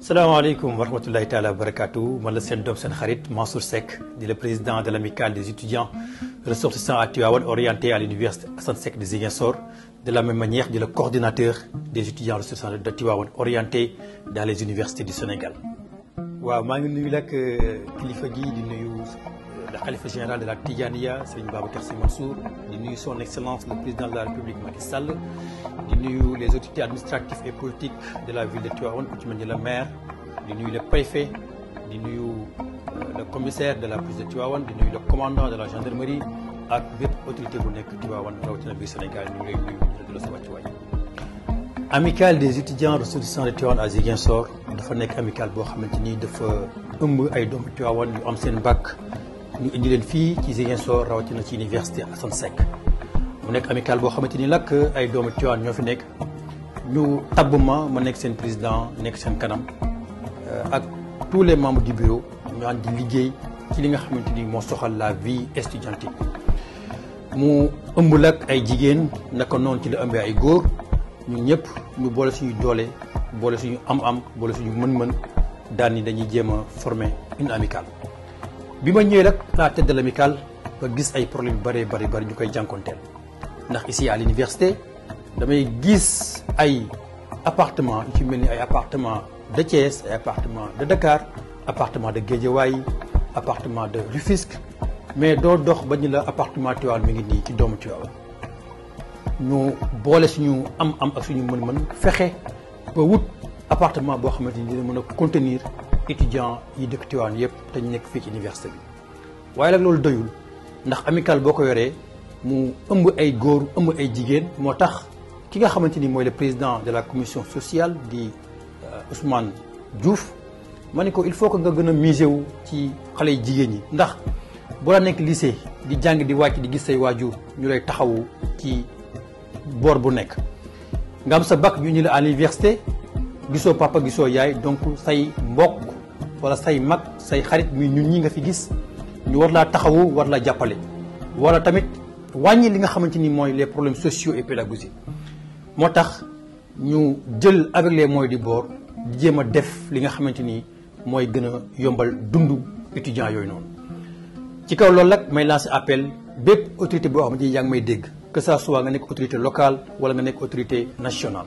salaamaaleykum wa rahmatullahi taala wa barakatu man la seen doom seen Mansour Sek, le président de l'amicale des étudiants ressortissants à Tivaouane orientés à l'université Assane Seck de Ziguinchor de la même manière di le coordinateur des étudiants ressortissants de Tivaouane orientés dans les universités du Sénégal waaw maa ngi nuyu nag euh, kilifa gi di nuyu le khalife général de la Tijaniya, Serigne Babacar Sy Mansour son excellence le président de la République Macky Sall les autorités administratives et politiques de la ville de Tivaouane le maire le préfet euh, le commissaire de la police de Tivaouane le commandant de la gendarmerie ak les autorités bu nekk Tivaouane rawatina biir Sénégal ñu ngi lay de di la des étudiants ressortissants de Tivaouane à Ziguinchor dafa fait amical boo xamante dafa ëmb ay doomu Tiwaawan ñu am seen bac ñu indi leen fii ci Ziguinchor rawatina ci université Assane sec mu nekk amical boo xamante ni lakk ay doomu Tiwaawan ñoo fi nekk ñu tabuma ma ma nekk seen président nekk seen kanam euh, ak tous les membres du bureau ñu ànd di liggéey ci li nga xamante ni moo soxal la vie estudiantine mu ëmb lak ay jigéen naka noonu ci la ëmbee ay góor ñun ñëpp ñu boole suñu doole boole suñu am-am boole suñu mën-mën daan ni dañuy jéem former une amicale bi ma ñëwee nag la tête de l'amicale ba gis ay problème yu bëree bëri bëri ñu koy jànkonteel ndax ici à l'université damay gis ay appartement yu ci mel ni ay appartement de Thiès ay appartement de Dakar appartement de Guédiawaye appartement de Rufisque mais doo dox ba ñu la appartement Tivaouane mi ngi nii ci doomu Tivaouane ñu boole suñu am am ak suñu mën-mën fexe ba wut appartement bo xamanteni ni dina mën contenir étudiants yi dëkk Tivaouane yépp te ñu nekk fii ci université bi waaye nag loolu doyul ndax amical boo ko yoree mu ëmb ay góor ëmb ay jigéen moo tax ki nga xamante ni mooy le président de la commission sociale di euh, Ousmane Diouf ma ne ko il faut que nga gën a miser wu ci xale yu jigéen ñi ndax bu la nekk lycée di jàng di wàcc di gis say waajur ñu lay taxawu ci bor bu nekk nga am sa bac ñu ni la à l'université papa donc say mbokk wala say mak say xarit muy ñun ñi nga fi gis ñu war taxawu war wala tamit wañi li nga les problèmes sociaux et pédagogiques motax ñu jël avec les moyens di def li nga yombal dundu étudiants yoy non ci kaw may lancer appel bép autorité bo may que ça soit nga autorité locale wala nga autorité nationale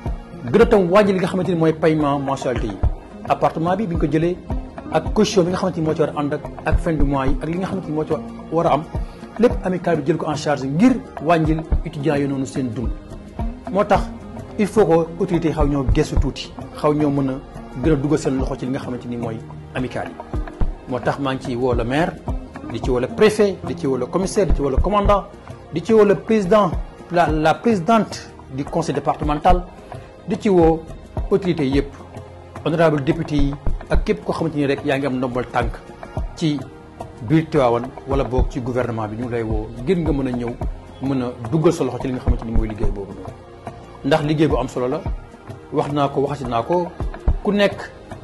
gën Wajil li nga xamante ni mooy paiement mensualité yi appartement bi bi ñu ko jëlee ak caution bi nga xamante ni moo ci war a ànd ak ak fin de mois yi ak li nga xamante ni moo ci war a am lépp amical bi jël ko en charge ngir wàññil étudiant yi noonu seen dund moo tax il faut que autorités xaw ñoo gestu tuuti xaw ñoo mën a gën a dugal seen loxo ci li nga xamante ni mooy amical yi moo tax maa ngi ciy woo le maire di ci woo le préfet di ci woo le commissaire di ci woo le commandant di ci woo le président la la présidente du conseil départemental di ci woo autorité yëpp honorable député yi ak képp koo xamante ni rek yaa ngi am ndombal tànk ci biir Tiwaawan wala boog ci gouvernement bi ñu ngi lay woo ngir nga mën a ñëw mën a duggal solo loxo ci li nga xamante ni mooy liggéey boobu ndax liggéey bu am solo la wax naa ko waxati naa ko ku nekk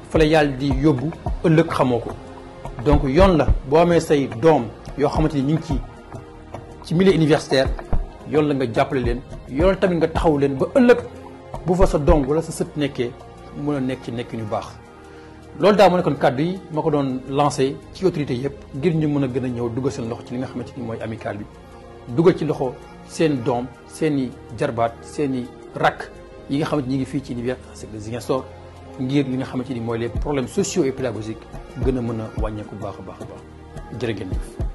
fa la yàlla di yóbbu ëllëg xamoo ko donc yoon la boo amee say doom yoo xamante ni ñu ngi ci ci milieu universitaire yoon la nga jàppale leen yoon tamit nga taxaw leen ba ëllëg bu fa sa doom wala sa sët nekkee mën a nekk ci nekkin ñu baax loolu daal moo nekkoon kàddu yi ma ko doon lancé ci autorité yëpp ngir ñu mën a gën a ñëw duggal seen loxo ci li nga xamante ni mooy amicale bi duggal ci loxo seen doom seen i jarbaat seen i rakk yi nga xamante ñi ngi fii ci université de Ziguinchor ngir li nga xamante ni mooy les problèmes sociaux et pédagogiques gën a mën a wàññeeku baax baax a baax jërë ngeen jëf